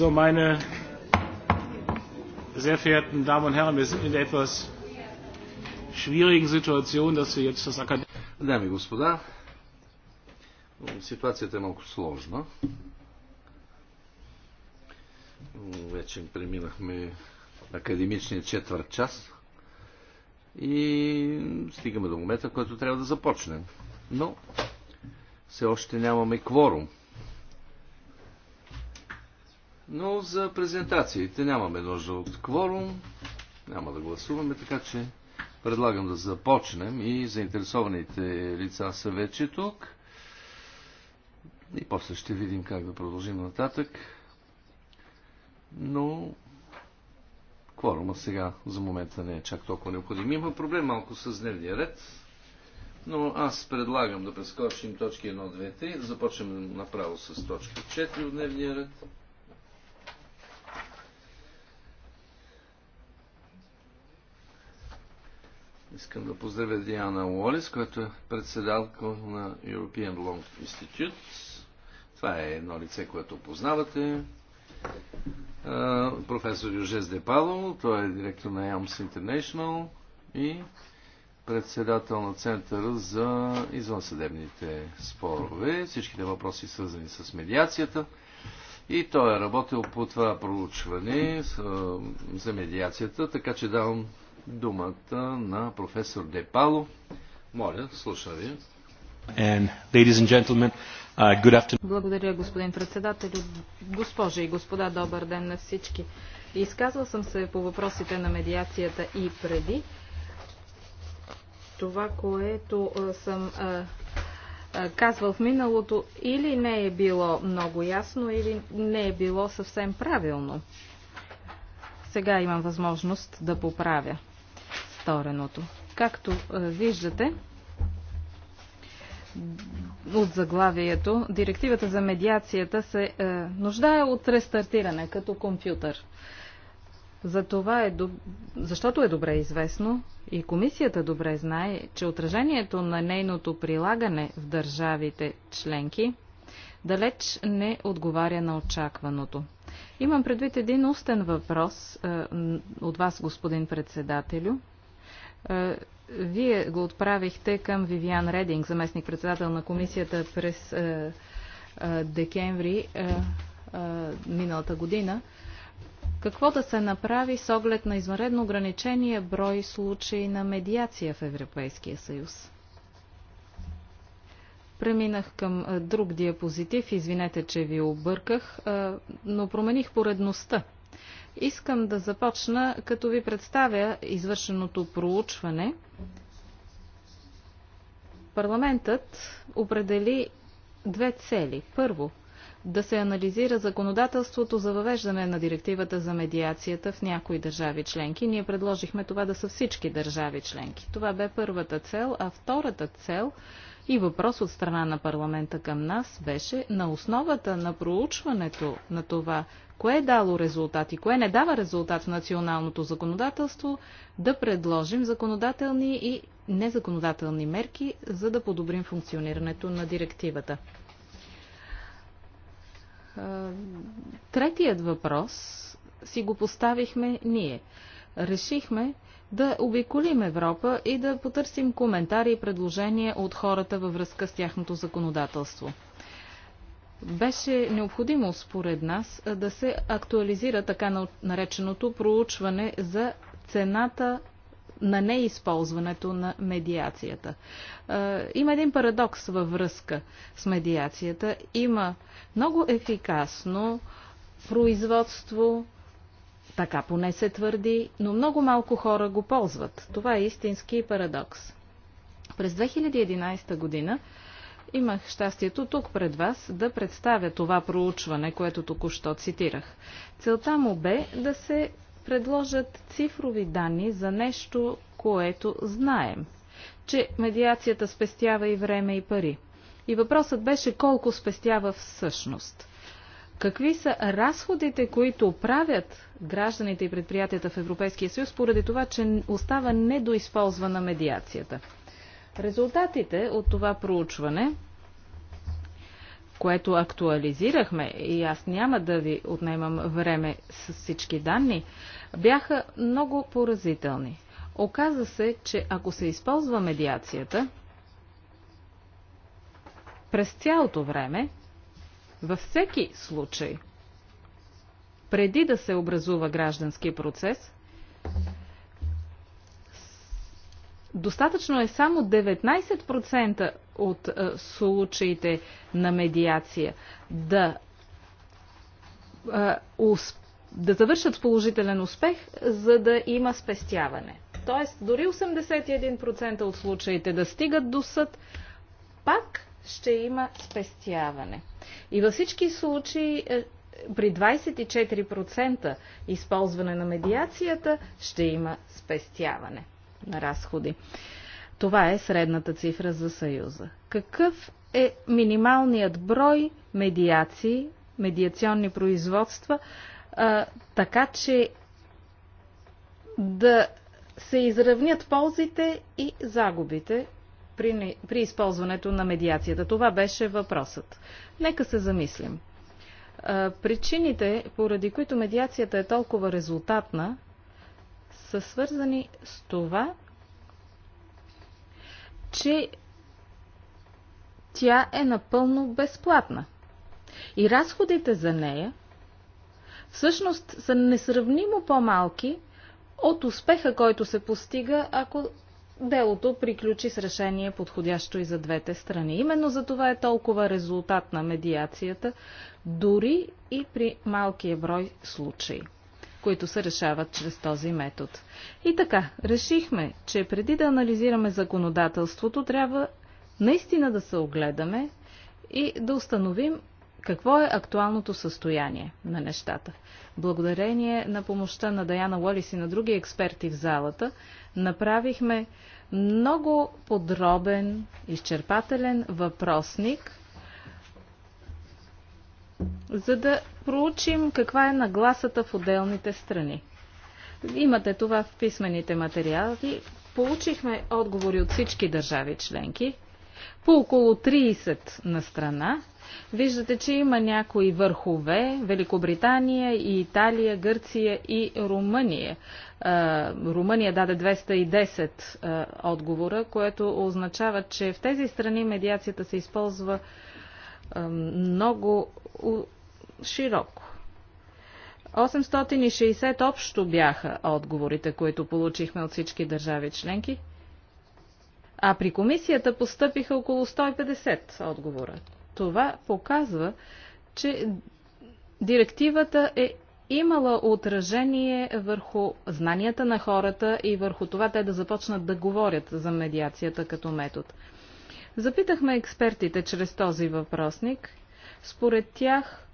meine sehr verehrten Damen und Herren, wir sind in der etwas schwierigen Situation, dass wir jetzt das Akademie. и ситуацията е малко сложна. Вече преминахме академичния четвърт час и стигаме до момента, в който трябва да започнем. Но все още нямаме кворум. Но за презентациите нямаме нужда от кворум, няма да гласуваме, така че предлагам да започнем и заинтересованите лица са вече тук. И после ще видим как да продължим нататък. Но кворума сега за момента не е чак толкова необходим. Има проблем малко с дневния ред, но аз предлагам да прескочим точки 1, 2, 3, започнем направо с точка 4 от дневния ред. Искам да поздравя Диана Уолис, която е председател на European Long Institute. Това е едно лице, което познавате. професор Южес Депало, той е директор на AMS International и председател на Центъра за извънсъдебните спорове. Всичките въпроси свързани с медиацията. И той е работил по това проучване за медиацията, така че давам думата на професор Депало. Моля, слушам ви. And, ladies and gentlemen, uh, good afternoon. Благодаря, господин председател. Госпожи и господа, добър ден на всички. Изказвал съм се по въпросите на медиацията и преди. Това, което съм казвал в миналото, или не е било много ясно, или не е било съвсем правилно. Сега имам възможност да поправя стореното. Както е, виждате, от заглавието, директивата за медиацията се е, нуждае от рестартиране като компютър. За това е Защото е добре известно и комисията добре знае, че отражението на нейното прилагане в държавите членки далеч не отговаря на очакваното. Имам предвид един устен въпрос е, от вас, господин председателю, е, вие го отправихте към Вивиан Рединг, заместник-председател на комисията през е, е, декември миналата година. Какво да се направи с оглед на извънредно ограничение брой случаи на медиация в Европейския съюз? Преминах към друг диапозитив. Извинете, че ви обърках, но промених поредността Искам да започна, като ви представя извършеното проучване. Парламентът определи две цели. Първо, да се анализира законодателството за въвеждане на директивата за медиацията в някои държави членки. Ние предложихме това да са всички държави членки. Това бе първата цел, а втората цел и въпрос от страна на парламента към нас беше на основата на проучването на това, кое е дало резултат и кое не дава резултат в националното законодателство, да предложим законодателни и незаконодателни мерки, за да подобрим функционирането на директивата. Третият въпрос си го поставихме ние. Решихме, да обиколим Европа и да потърсим коментари и предложения от хората във връзка с тяхното законодателство. Беше необходимо, според нас, да се актуализира така нареченото проучване за цената на неизползването на медиацията. Има един парадокс във връзка с медиацията. Има много ефикасно производство, така поне се твърди, но много малко хора го ползват. Това е истински парадокс. През 2011 година имах щастието тук пред вас да представя това проучване, което току-що цитирах. Целта му бе да се предложат цифрови данни за нещо, което знаем, че медиацията спестява и време и пари. И въпросът беше колко спестява всъщност. Какви са разходите, които правят гражданите и предприятията в Европейския съюз, поради това, че остава недоизползвана медиацията? Резултатите от това проучване което актуализирахме, и аз няма да ви отнемам време с всички данни, бяха много поразителни. Оказа се, че ако се използва медиацията, през цялото време във всеки случай, преди да се образува граждански процес, достатъчно е само 19% от а, случаите на медиация да, а, усп... да завършат положителен успех, за да има спестяване. Тоест, дори 81% от случаите да стигат до съд, пак ще има спестяване. И във всички случаи е, при 24% използване на медиацията ще има спестяване на разходи. Това е средната цифра за Съюза. Какъв е минималният брой медиации, медиационни производства, а, е, така че да се изравнят ползите и загубите при, при използването на медиацията? Това беше въпросът. Нека се замислим. Причините, поради които медиацията е толкова резултатна, са свързани с това, че тя е напълно безплатна. И разходите за нея всъщност са несравнимо по-малки от успеха, който се постига, ако делото приключи с решение подходящо и за двете страни. Именно за това е толкова резултат на медиацията, дори и при малкия брой случаи които се решават чрез този метод. И така, решихме, че преди да анализираме законодателството, трябва наистина да се огледаме и да установим какво е актуалното състояние на нещата? Благодарение на помощта на Даяна Уолис и на други експерти в залата, направихме много подробен, изчерпателен въпросник, за да проучим каква е нагласата в отделните страни. Имате това в писмените материали. Получихме отговори от всички държави членки, по около 30 на страна Виждате, че има някои върхове Великобритания и Италия, Гърция и Румъния. Румъния даде 210 отговора, което означава, че в тези страни медиацията се използва много широко. 860 общо бяха отговорите, които получихме от всички държави членки, а при комисията постъпиха около 150 отговора. Това показва, че директивата е имала отражение върху знанията на хората и върху това те да започнат да говорят за медиацията като метод. Запитахме експертите чрез този въпросник. Според тях,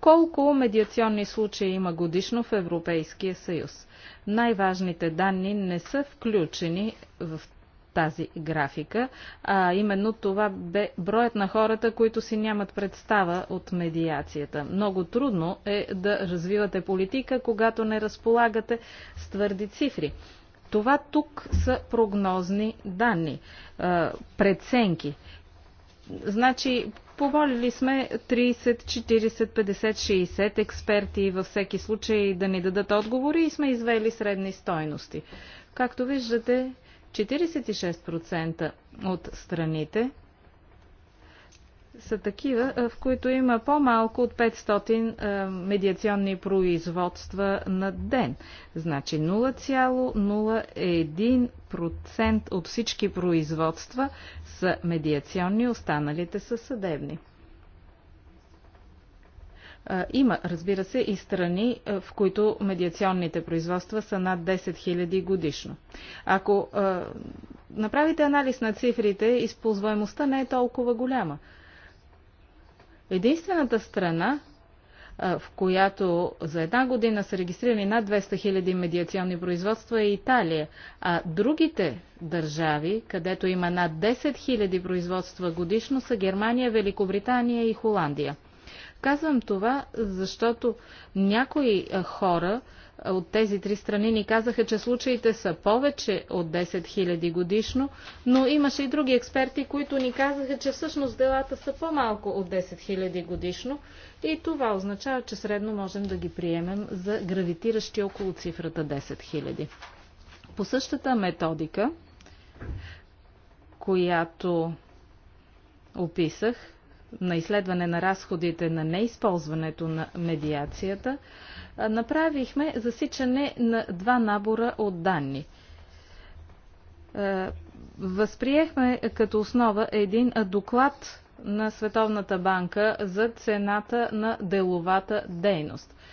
колко медиационни случаи има годишно в Европейския съюз? Най-важните данни не са включени в тази графика, а именно това бе броят на хората, които си нямат представа от медиацията. Много трудно е да развивате политика, когато не разполагате с твърди цифри. Това тук са прогнозни данни, преценки. Значи Помолили сме 30, 40, 50, 60 експерти във всеки случай да ни дадат отговори и сме извели средни стойности. Както виждате, 46% от страните са такива, в които има по-малко от 500 медиационни производства на ден. Значи 0,01% от всички производства са медиационни, останалите са съдебни. Има, разбира се, и страни, в които медиационните производства са над 10 000 годишно. Ако направите анализ на цифрите, използваемостта не е толкова голяма единствената страна, в която за една година са регистрирани над 200 000 медиационни производства е Италия, а другите държави, където има над 10 000 производства годишно, са Германия, Великобритания и Холандия. Казвам това, защото някои хора от тези три страни ни казаха, че случаите са повече от 10 000 годишно, но имаше и други експерти, които ни казаха, че всъщност делата са по-малко от 10 000 годишно и това означава, че средно можем да ги приемем за гравитиращи около цифрата 10 000. По същата методика, която описах, на изследване на разходите на неизползването на медиацията, направихме засичане на два набора от данни. Възприехме като основа един доклад на Световната банка за цената на деловата дейност –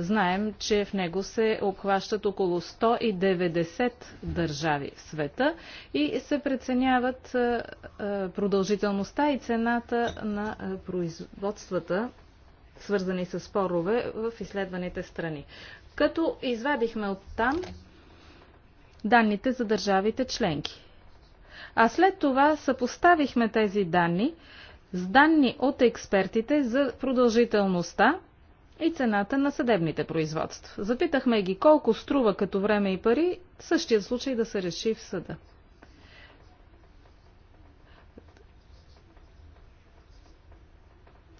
Знаем, че в него се обхващат около 190 държави в света и се преценяват продължителността и цената на производствата, свързани с спорове в изследваните страни. Като извадихме от там данните за държавите членки. А след това съпоставихме тези данни с данни от експертите за продължителността и цената на съдебните производства. Запитахме ги колко струва като време и пари същия случай да се реши в съда.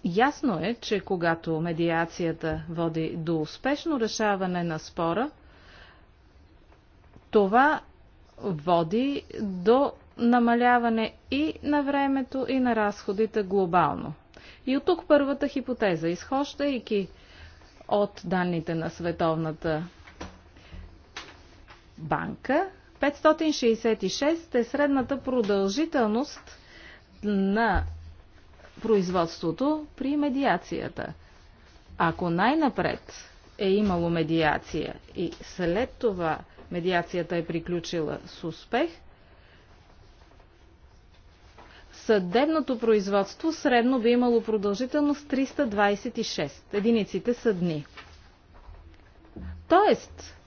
Ясно е, че когато медиацията води до успешно решаване на спора, това води до намаляване и на времето, и на разходите глобално. И от тук първата хипотеза, изхождайки от данните на Световната банка. 566 е средната продължителност на производството при медиацията. Ако най-напред е имало медиация и след това медиацията е приключила с успех – съдебното производство средно би имало продължителност 326. Единиците са дни. Тоест,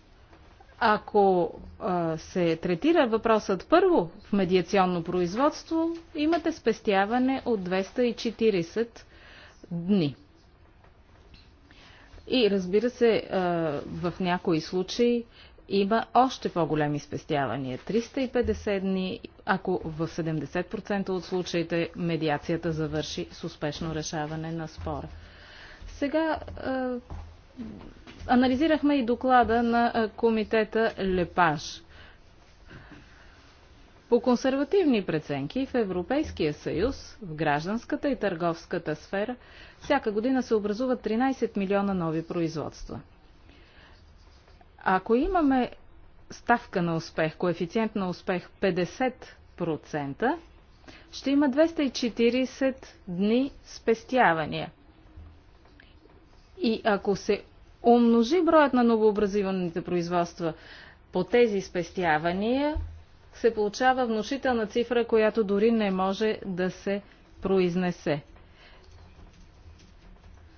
ако а, се третира въпросът първо в медиационно производство, имате спестяване от 240 дни. И разбира се, а, в някои случаи има още по-големи спестявания. 350 дни, ако в 70% от случаите медиацията завърши с успешно решаване на спора. Сега е, анализирахме и доклада на комитета Лепаш. По консервативни преценки в Европейския съюз, в гражданската и търговската сфера, всяка година се образуват 13 милиона нови производства. Ако имаме ставка на успех, коефициент на успех 50%, ще има 240 дни спестявания. И ако се умножи броят на новообразиваните производства по тези спестявания, се получава внушителна цифра, която дори не може да се произнесе.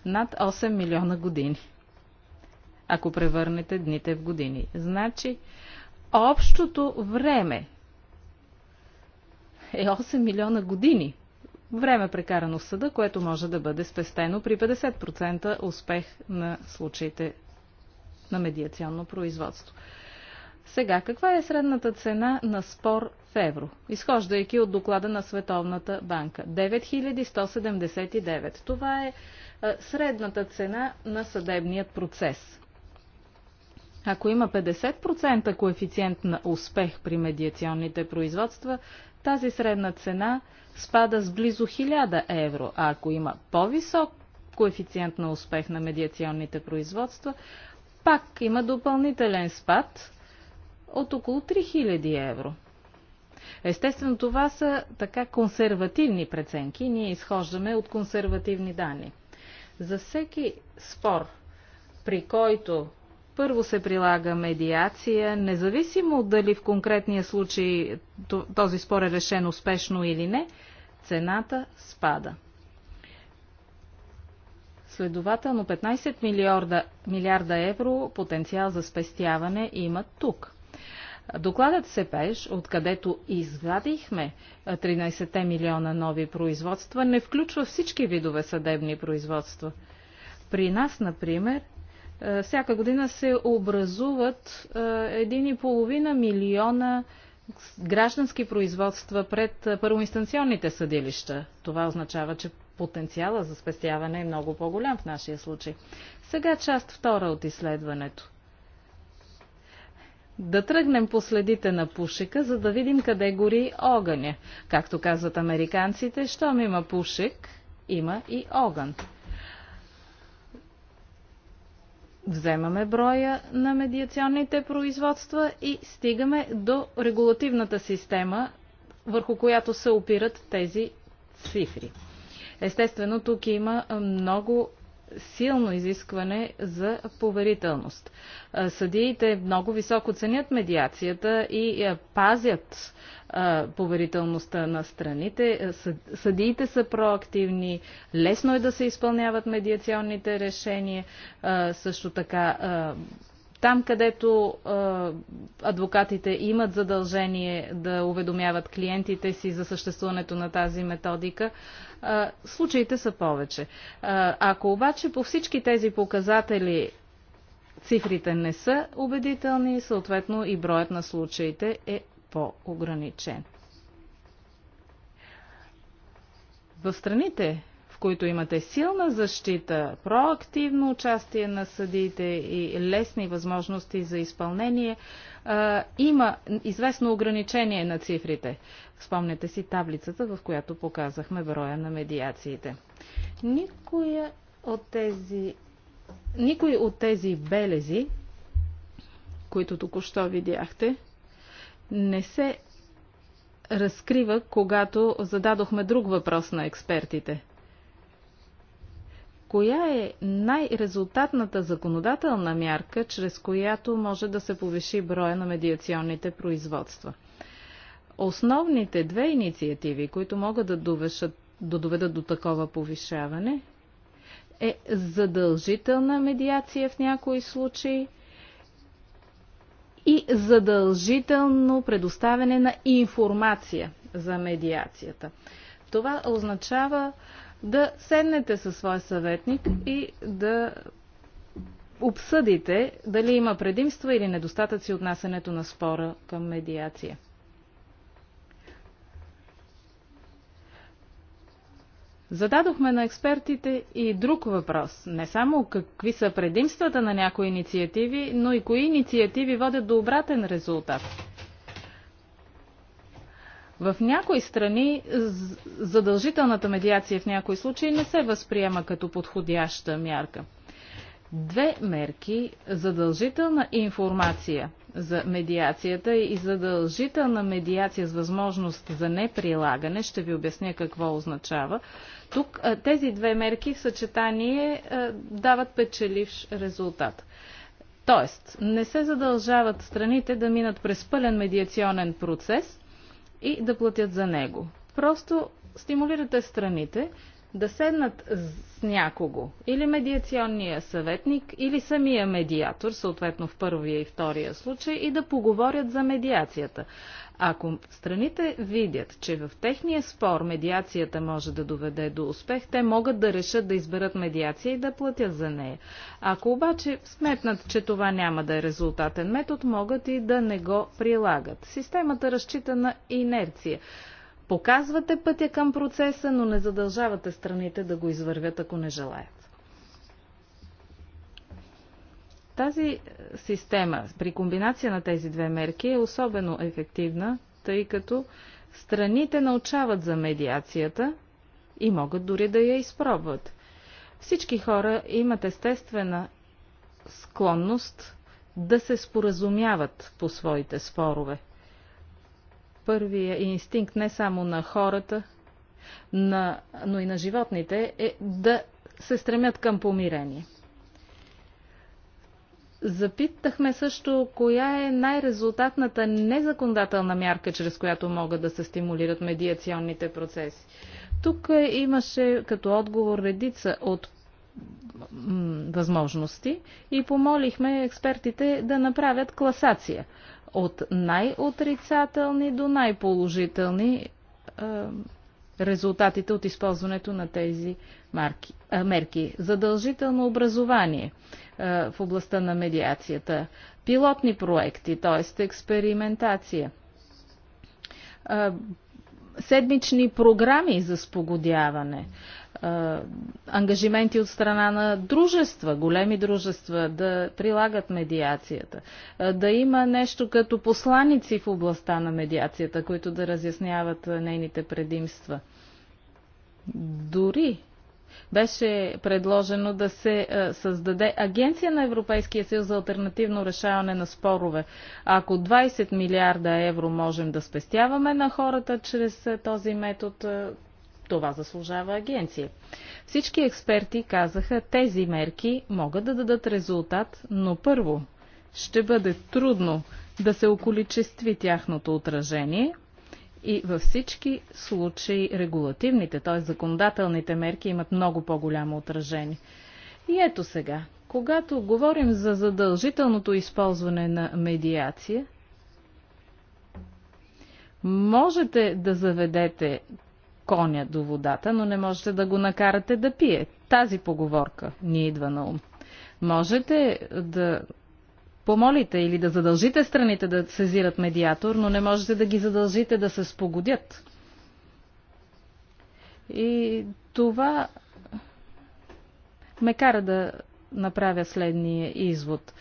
Над 8 милиона години ако превърнете дните в години. Значи, общото време е 8 милиона години. Време прекарано в съда, което може да бъде спестено при 50% успех на случаите на медиационно производство. Сега, каква е средната цена на спор в евро, изхождайки от доклада на Световната банка? 9179. Това е средната цена на съдебният процес. Ако има 50% коефициент на успех при медиационните производства, тази средна цена спада с близо 1000 евро, а ако има по-висок коефициент на успех на медиационните производства, пак има допълнителен спад от около 3000 евро. Естествено, това са така консервативни преценки. Ние изхождаме от консервативни данни. За всеки спор, при който първо се прилага медиация, независимо дали в конкретния случай този спор е решен успешно или не, цената спада. Следователно 15 милиарда, милиарда евро потенциал за спестяване имат тук. Докладът СЕПЕШ, откъдето извадихме 13 милиона нови производства, не включва всички видове съдебни производства. При нас, например, е, всяка година се образуват 1,5 е, милиона граждански производства пред е, първоинстанционните съдилища. Това означава, че потенциала за спестяване е много по-голям в нашия случай. Сега част втора от изследването. Да тръгнем по следите на пушека, за да видим къде гори огъня. Както казват американците, щом има пушек, има и огън. вземаме броя на медиационните производства и стигаме до регулативната система, върху която се опират тези цифри. Естествено, тук има много силно изискване за поверителност. Съдиите много високо ценят медиацията и пазят поверителността на страните. Е, съдиите са проактивни, лесно е да се изпълняват медиационните решения. Също така там, където а, адвокатите имат задължение да уведомяват клиентите си за съществуването на тази методика, а, случаите са повече. А, ако обаче по всички тези показатели цифрите не са убедителни, съответно и броят на случаите е по-ограничен. В страните, в които имате силна защита, проактивно участие на съдиите и лесни възможности за изпълнение, има известно ограничение на цифрите. Спомнете си таблицата, в която показахме броя на медиациите. Никоя от тези, никой от тези белези, които току-що видяхте, не се разкрива, когато зададохме друг въпрос на експертите. Коя е най-резултатната законодателна мярка, чрез която може да се повиши броя на медиационните производства? Основните две инициативи, които могат да, довешат, да доведат до такова повишаване, е задължителна медиация в някои случаи и задължително предоставяне на информация за медиацията. Това означава да седнете със своя съветник и да обсъдите дали има предимства или недостатъци от насенето на спора към медиация. Зададохме на експертите и друг въпрос. Не само какви са предимствата на някои инициативи, но и кои инициативи водят до обратен резултат. В някои страни задължителната медиация в някои случаи не се възприема като подходяща мярка две мерки задължителна информация за медиацията и задължителна медиация с възможност за неприлагане. Ще ви обясня какво означава. Тук тези две мерки в съчетание дават печеливш резултат. Тоест, не се задължават страните да минат през пълен медиационен процес и да платят за него. Просто стимулирате страните да седнат с някого, или медиационния съветник, или самия медиатор, съответно в първия и втория случай, и да поговорят за медиацията. Ако страните видят, че в техния спор медиацията може да доведе до успех, те могат да решат да изберат медиация и да платят за нея. Ако обаче сметнат, че това няма да е резултатен метод, могат и да не го прилагат. Системата разчита на инерция. Показвате пътя към процеса, но не задължавате страните да го извървят, ако не желаят. Тази е, система при комбинация на тези две мерки е особено ефективна, тъй като страните научават за медиацията и могат дори да я изпробват. Всички хора имат естествена склонност да се споразумяват по своите спорове първия инстинкт не само на хората, на, но и на животните е да се стремят към помирение. Запитахме също коя е най-резултатната незаконодателна мярка, чрез която могат да се стимулират медиационните процеси. Тук имаше като отговор редица от възможности и помолихме експертите да направят класация от най-отрицателни до най-положителни е, резултатите от използването на тези марки, а, мерки. Задължително образование а, е, в областта на медиацията, пилотни проекти, т.е. експериментация, а, е, седмични програми за спогодяване, а, ангажименти от страна на дружества, големи дружества, да прилагат медиацията, да има нещо като посланици в областта на медиацията, които да разясняват нейните предимства. Дори беше предложено да се създаде Агенция на Европейския съюз за альтернативно решаване на спорове. Ако 20 милиарда евро можем да спестяваме на хората чрез този метод, това заслужава агенция. Всички експерти казаха, тези мерки могат да дадат резултат, но първо ще бъде трудно да се околичестви тяхното отражение и във всички случаи регулативните, т.е. законодателните мерки имат много по-голямо отражение. И ето сега, когато говорим за задължителното използване на медиация, можете да заведете коня до водата, но не можете да го накарате да пие. Тази поговорка ни идва на ум. Можете да помолите или да задължите страните да сезират медиатор, но не можете да ги задължите да се спогодят. И това ме кара да направя следния извод.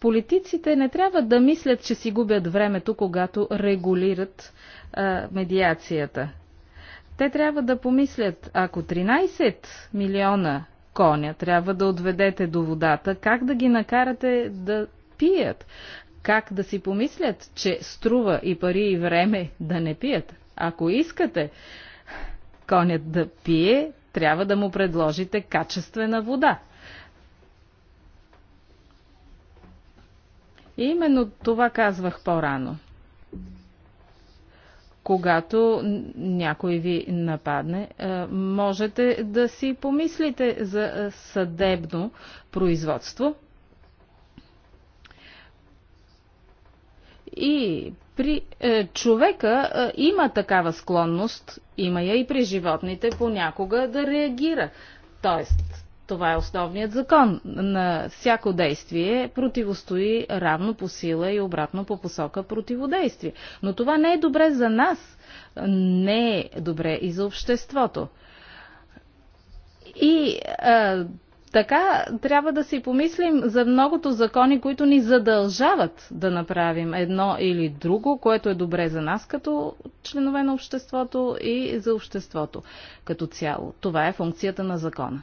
Политиците не трябва да мислят, че си губят времето, когато регулират а, медиацията. Те трябва да помислят, ако 13 милиона коня трябва да отведете до водата, как да ги накарате да пият? Как да си помислят, че струва и пари и време да не пият? Ако искате конят да пие, трябва да му предложите качествена вода. И именно това казвах по-рано когато някой ви нападне, е, можете да си помислите за е, съдебно производство. И при е, човека има такава склонност, има я и при животните понякога да реагира. Тоест, това е основният закон. На всяко действие противостои равно по сила и обратно по посока противодействие. Но това не е добре за нас, не е добре и за обществото. И а, така трябва да си помислим за многото закони, които ни задължават да направим едно или друго, което е добре за нас като членове на обществото и за обществото като цяло. Това е функцията на закона.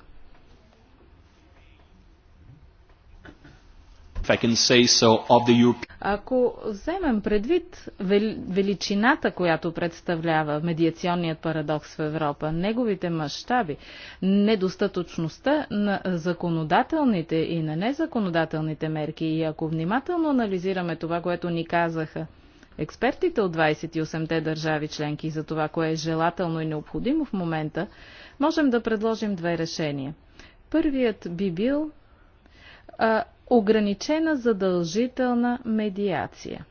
Ако вземем предвид величината, която представлява медиационният парадокс в Европа, неговите мащаби, недостатъчността на законодателните и на незаконодателните мерки и ако внимателно анализираме това, което ни казаха експертите от 28-те държави членки за това, кое е желателно и необходимо в момента, можем да предложим две решения. Първият би бил ограничена задължителна медиация.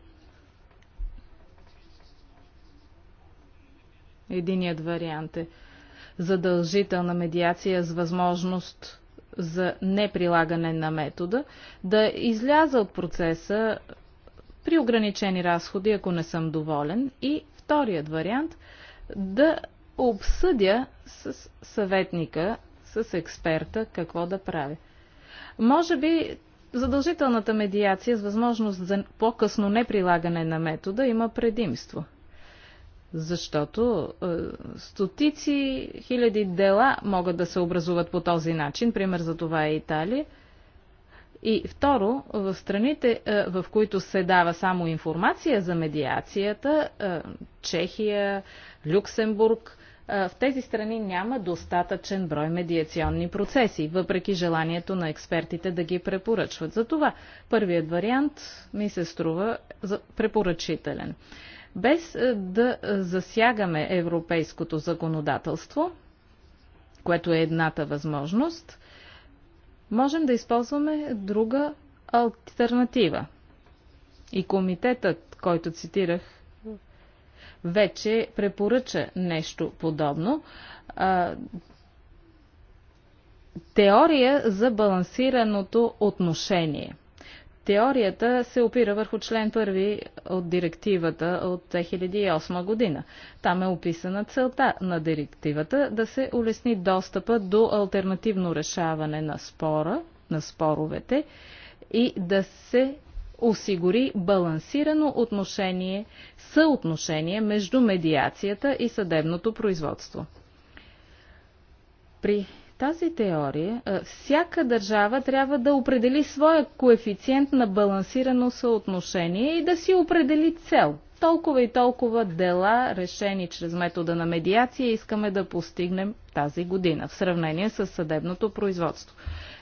Единият вариант е задължителна медиация с възможност за неприлагане на метода, да изляза от процеса при ограничени разходи, ако не съм доволен. И вторият вариант да обсъдя с съветника, с експерта какво да прави. Може би Задължителната медиация с възможност за по-късно неприлагане на метода има предимство защото е, стотици хиляди дела могат да се образуват по този начин. Пример за това е Италия. И второ, в страните, е, в които се дава само информация за медиацията, е, Чехия, Люксембург, в тези страни няма достатъчен брой медиационни процеси, въпреки желанието на експертите да ги препоръчват. Затова първият вариант ми се струва препоръчителен. Без да засягаме европейското законодателство, което е едната възможност, можем да използваме друга альтернатива. И комитетът, който цитирах вече препоръча нещо подобно. Теория за балансираното отношение. Теорията се опира върху член 1 от директивата от 2008 година. Там е описана целта на директивата да се улесни достъпа до альтернативно решаване на спора, на споровете и да се осигури балансирано отношение, съотношение между медиацията и съдебното производство. При тази теория всяка държава трябва да определи своя коефициент на балансирано съотношение и да си определи цел. Толкова и толкова дела, решени чрез метода на медиация, искаме да постигнем тази година в сравнение с съдебното производство.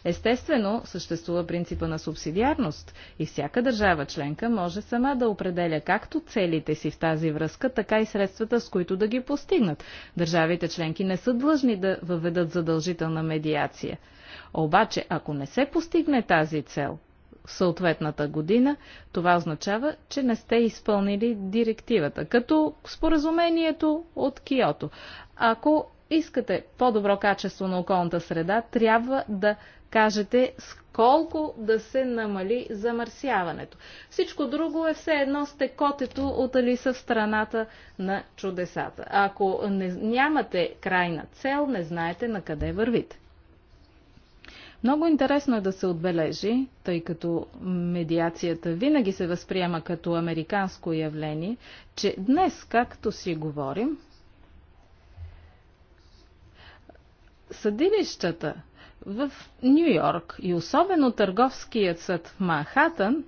Естествено, съществува принципа на субсидиарност и всяка държава членка може сама да определя както целите си в тази връзка, така и средствата, с които да ги постигнат. Държавите членки не са длъжни да въведат задължителна медиация. Обаче, ако не се постигне тази цел, в съответната година, това означава, че не сте изпълнили директивата, като споразумението от Киото. Ако искате по-добро качество на околната среда, трябва да кажете с колко да се намали замърсяването. Всичко друго е все едно сте котето от Алиса в страната на чудесата. Ако не, нямате крайна цел, не знаете на къде вървите. Много интересно е да се отбележи, тъй като медиацията винаги се възприема като американско явление, че днес, както си говорим, съдилищата в Нью Йорк и особено търговският съд в Манхатън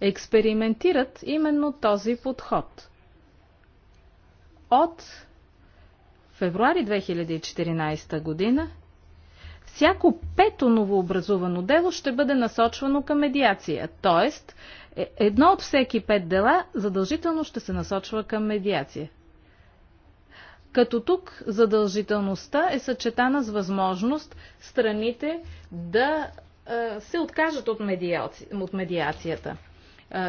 експериментират именно този подход. От февруари 2014 година всяко пето новообразувано дело ще бъде насочвано към медиация. Тоест, е, едно от всеки пет дела задължително ще се насочва към медиация. Като тук задължителността е съчетана с възможност страните да се откажат от, медиаци... от медиацията.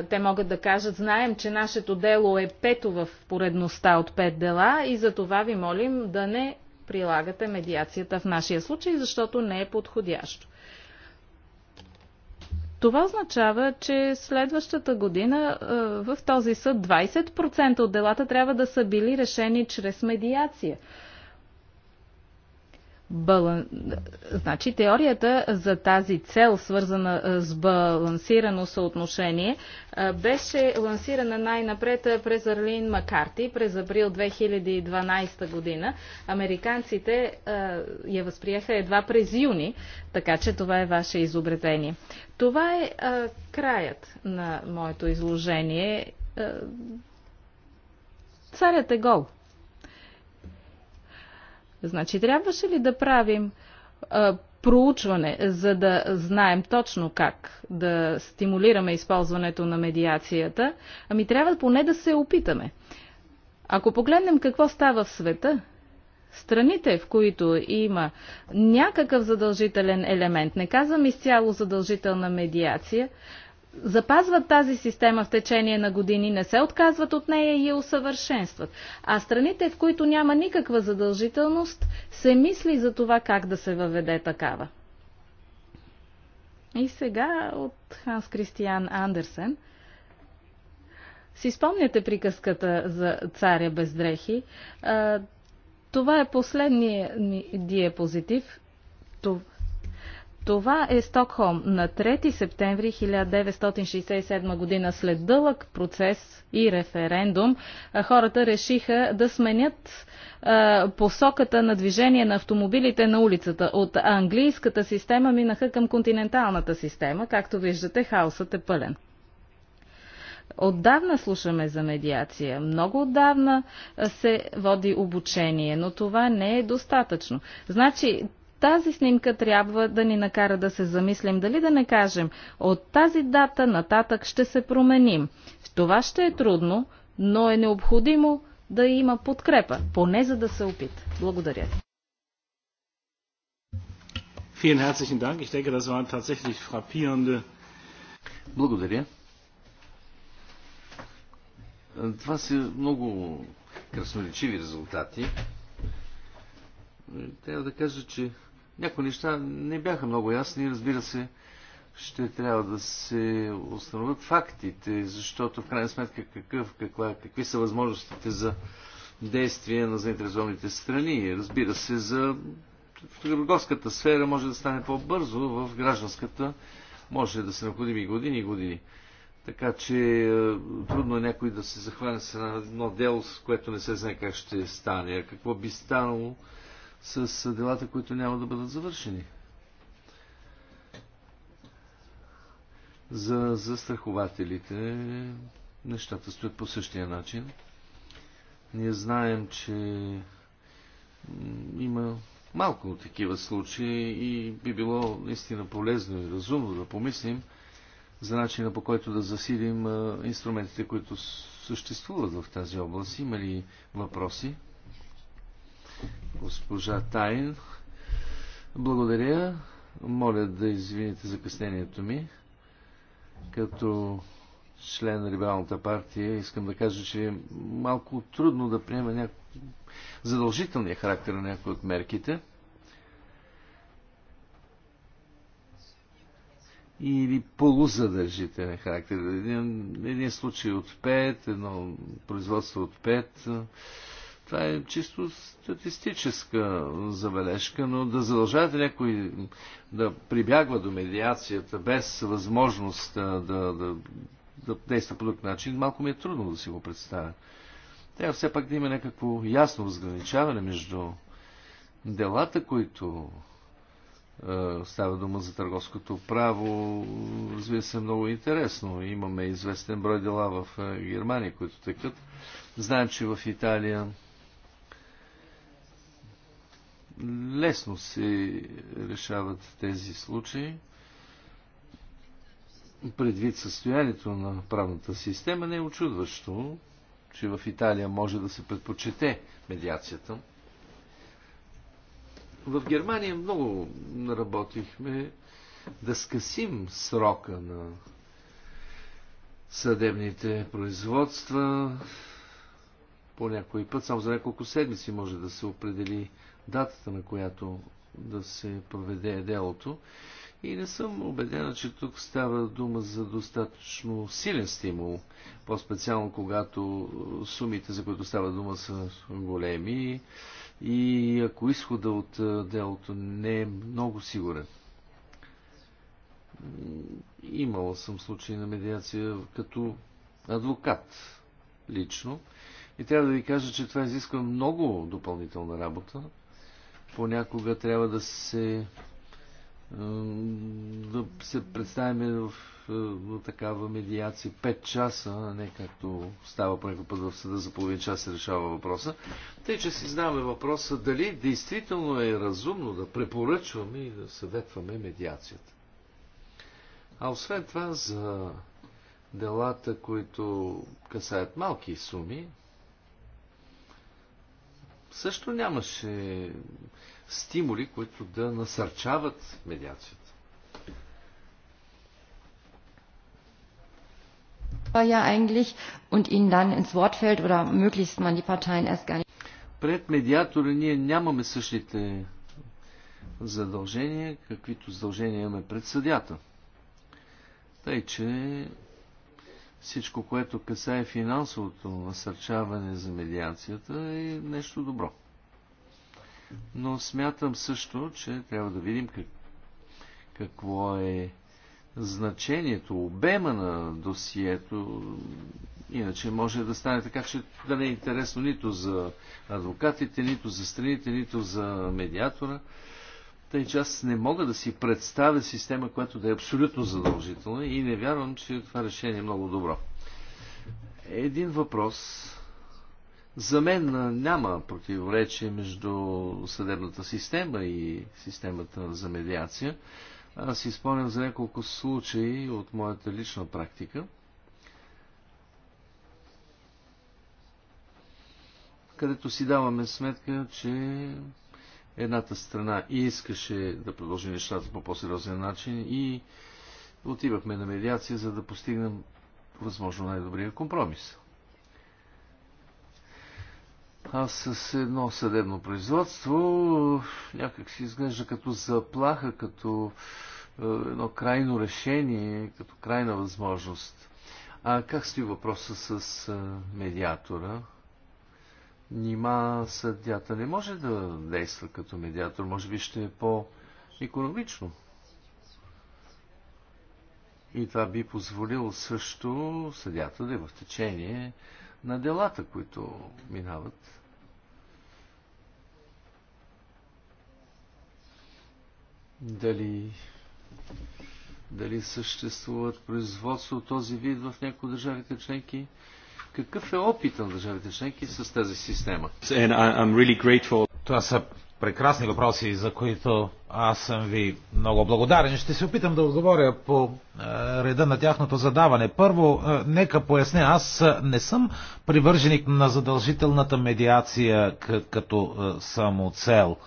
Те могат да кажат, знаем, че нашето дело е пето в поредността от пет дела и за това ви молим да не прилагате медиацията в нашия случай, защото не е подходящо. Това означава, че следващата година е, в този съд 20% от делата трябва да са били решени чрез медиация. Балан... Значи теорията за тази цел, свързана с балансирано съотношение, беше лансирана най-напред през Арлин Макарти през април 2012 година. Американците я възприеха едва през юни, така че това е ваше изобретение. Това е краят на моето изложение. Царят е гол. Значи трябваше ли да правим а, проучване, за да знаем точно как да стимулираме използването на медиацията? Ами трябва поне да се опитаме. Ако погледнем какво става в света, страните, в които има някакъв задължителен елемент, не казвам изцяло задължителна медиация, запазват тази система в течение на години, не се отказват от нея и я усъвършенстват. А страните, в които няма никаква задължителност, се мисли за това как да се въведе такава. И сега от Ханс Кристиан Андерсен. Си спомняте приказката за царя без дрехи? Това е последният ми диапозитив. Това това е Стокхолм на 3 септември 1967 година. След дълъг процес и референдум, хората решиха да сменят а, посоката на движение на автомобилите на улицата. От английската система минаха към континенталната система. Както виждате, хаосът е пълен. Отдавна слушаме за медиация, много отдавна се води обучение, но това не е достатъчно. Значи, тази снимка трябва да ни накара да се замислим, дали да не кажем, от тази дата нататък ще се променим. Това ще е трудно, но е необходимо да има подкрепа, поне за да се опита. Благодаря. Благодаря. Това са много красноречиви резултати. Трябва да кажа, че някои неща не бяха много ясни. Разбира се, ще трябва да се установят фактите, защото в крайна сметка какъв, каква, какви са възможностите за действие на заинтересованите страни. Разбира се, за в търговската сфера може да стане по-бързо, в гражданската може да се необходими години и години. Така че е, трудно е някой да се захване с едно дело, с което не се знае как ще стане. А какво би станало, с делата, които няма да бъдат завършени. За застрахователите нещата стоят по същия начин. Ние знаем, че има малко такива случаи и би било наистина полезно и разумно да помислим за начина по който да засилим инструментите, които съществуват в тази област. Има ли въпроси? госпожа Тайн. Благодаря. Моля да извините закъснението ми. Като член на Либералната партия искам да кажа, че е малко трудно да приема няко... задължителния характер на някои от мерките. или полузадържителен характер. Един, един случай от 5, едно производство от 5 това е чисто статистическа забележка, но да задължавате някой да прибягва до медиацията без възможност да, да, да действа по друг начин, малко ми е трудно да си го представя. Трябва все пак да има някакво ясно разграничаване между делата, които е, става дума за търговското право. Разбира се, много интересно. Имаме известен брой дела в Германия, които текат. Знаем, че в Италия лесно се решават тези случаи. Предвид състоянието на правната система не е очудващо, че в Италия може да се предпочете медиацията. В Германия много работихме да скъсим срока на съдебните производства. По някой път, само за няколко седмици може да се определи датата, на която да се проведе делото. И не съм убедена, че тук става дума за достатъчно силен стимул, по-специално когато е, сумите, за които става дума, са големи и ако изхода от е, делото не е много сигурен. Имала съм случаи на медиация като адвокат лично и трябва да ви кажа, че това изисква много допълнителна работа, понякога трябва да се да се представим в, в такава медиация 5 часа, а не както става някакъв път в съда за половин час се решава въпроса. Тъй, че си знаме въпроса дали действително е разумно да препоръчваме и да съветваме медиацията. А освен това за делата, които касаят малки суми, също нямаше стимули, които да насърчават медиацията. ja eigentlich und ihnen dann ins Wort fällt oder möglichst man die Parteien erst gar nicht. Пред медиатора ние нямаме същите задължения, каквито задължения имаме пред съдята. Тъй, че всичко, което касае финансовото насърчаване за медиацията е нещо добро. Но смятам също, че трябва да видим как, какво е значението, обема на досието. Иначе може да стане така, че да не е интересно нито за адвокатите, нито за страните, нито за медиатора. Тъй, че аз не мога да си представя система, която да е абсолютно задължителна и не вярвам, че това решение е много добро. Един въпрос. За мен няма противоречие между съдебната система и системата за медиация. Аз си спомням за няколко случаи от моята лична практика, където си даваме сметка, че едната страна и искаше да продължи нещата по по-сериозен начин и отивахме на медиация, за да постигнем възможно най-добрия компромис. Аз с едно съдебно производство някак си изглежда като заплаха, като е, едно крайно решение, като крайна възможност. А как стои въпроса с е, медиатора? Нима съдята не може да действа като медиатор, може би ще е по-економично. И това би позволило също съдята да е в течение на делата, които минават. Дали, дали съществуват производство от този вид в някои държавите членки? Какъв е опит на държавите членки с тази система? Really Това са прекрасни въпроси, за които аз съм ви много благодарен. Ще се опитам да отговоря по е, реда на тяхното задаване. Първо, е, нека поясня, аз е, не съм привърженик на задължителната медиация като самоцел.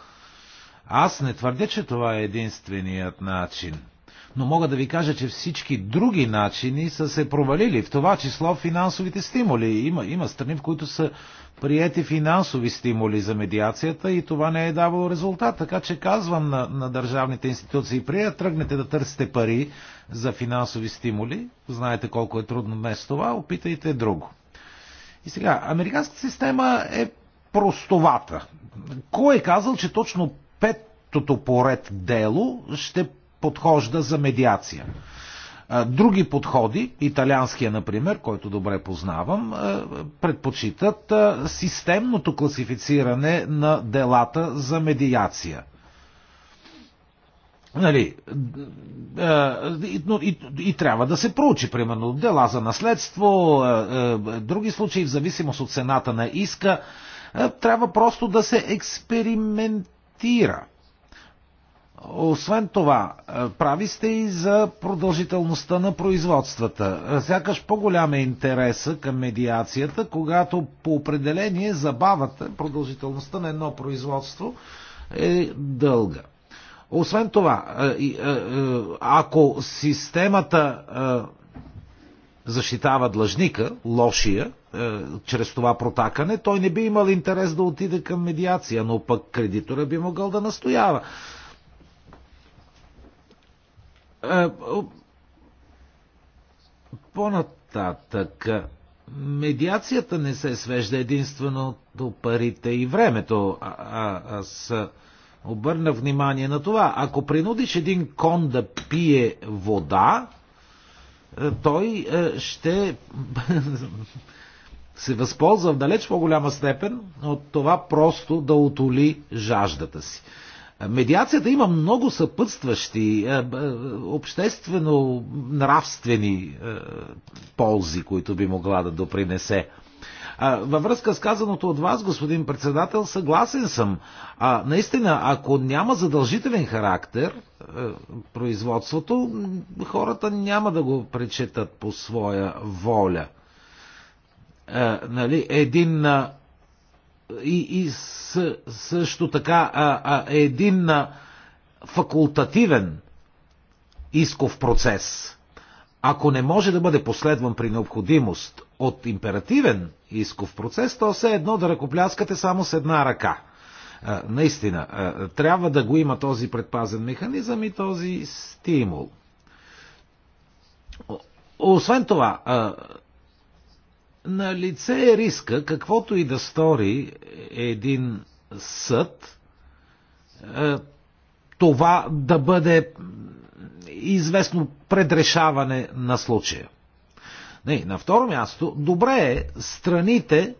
Аз не твърдя, че това е единственият начин – но мога да ви кажа, че всички други начини са се провалили, в това число финансовите стимули. Има, има страни, в които са приети финансови стимули за медиацията и това не е давало резултат. Така че казвам на, на държавните институции, прия тръгнете да търсите пари за финансови стимули, знаете колко е трудно днес това, опитайте друго. И сега, американската система е простовата. Кой е казал, че точно петото поред дело ще подхожда за медиация. Други подходи, италианския, например, който добре познавам, предпочитат системното класифициране на делата за медиация. Нали, и, и, и трябва да се проучи, примерно, дела за наследство, други случаи, в зависимост от цената на иска, трябва просто да се експериментира освен това, е, прави сте и за продължителността на производствата. Сякаш по-голям е интереса към медиацията, когато по определение забавата, продължителността на едно производство е дълга. Освен това, е, е, ако системата защитава длъжника, лошия, чрез това протакане, той не би имал интерес да отиде към медиация, но пък кредитора би могъл да настоява. Е, по-нататък, медиацията не се свежда единствено до парите и времето. А, а, аз обърна внимание на това. Ако принудиш един кон да пие вода, е, той е, ще се възползва в далеч по-голяма степен от това просто да отоли жаждата си. Медиацията има много съпътстващи е, е, обществено-нравствени е, ползи, които би могла да допринесе. Във връзка с казаното от вас, господин председател, съгласен съм. А, наистина, ако няма задължителен характер производството, хората няма да го пречетат по своя воля. А, нали, един и, и с, също така а, а, един а, факултативен исков процес, ако не може да бъде последван при необходимост от императивен исков процес, то все едно да ръкопляскате само с една ръка. А, наистина, а, трябва да го има този предпазен механизъм и този стимул. Освен това, на лице е риска, каквото и да стори един съд, е, това да бъде известно предрешаване на случая. Не, на второ място, добре е страните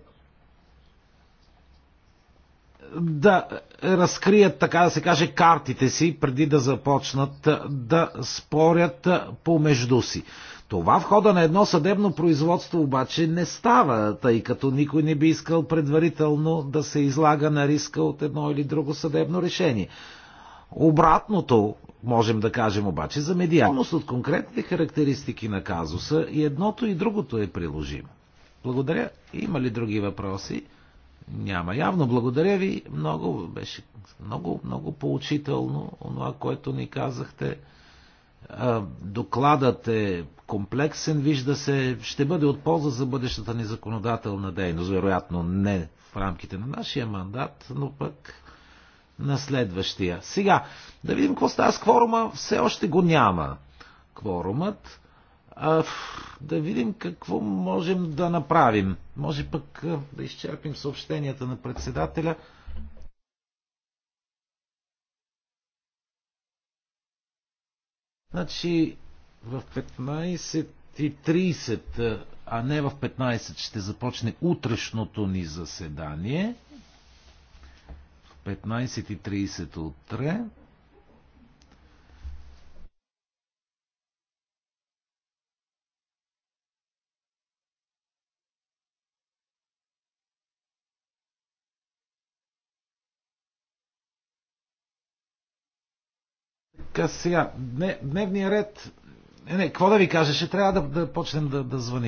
да разкрият, така да се каже, картите си, преди да започнат да спорят помежду си. Това в хода на едно съдебно производство обаче не става, тъй като никой не би искал предварително да се излага на риска от едно или друго съдебно решение. Обратното, можем да кажем обаче, за медиалност от конкретните характеристики на казуса и едното и другото е приложимо. Благодаря. Има ли други въпроси? Няма. Явно благодаря ви. Много беше много, много поучително това, което ни казахте. Докладът е комплексен, вижда се, ще бъде от полза за бъдещата ни законодателна дейност. Вероятно не в рамките на нашия мандат, но пък на следващия. Сега, да видим какво става с кворума. Все още го няма. Кворумът. А, да видим какво можем да направим. Може пък да изчерпим съобщенията на председателя. Значи в 15.30, а не в 15, ще започне утрешното ни заседание. В 15.30 утре. Така сега, дневния ред... Не, не, какво да ви кажа, ще трябва да, да почнем да, да звъним.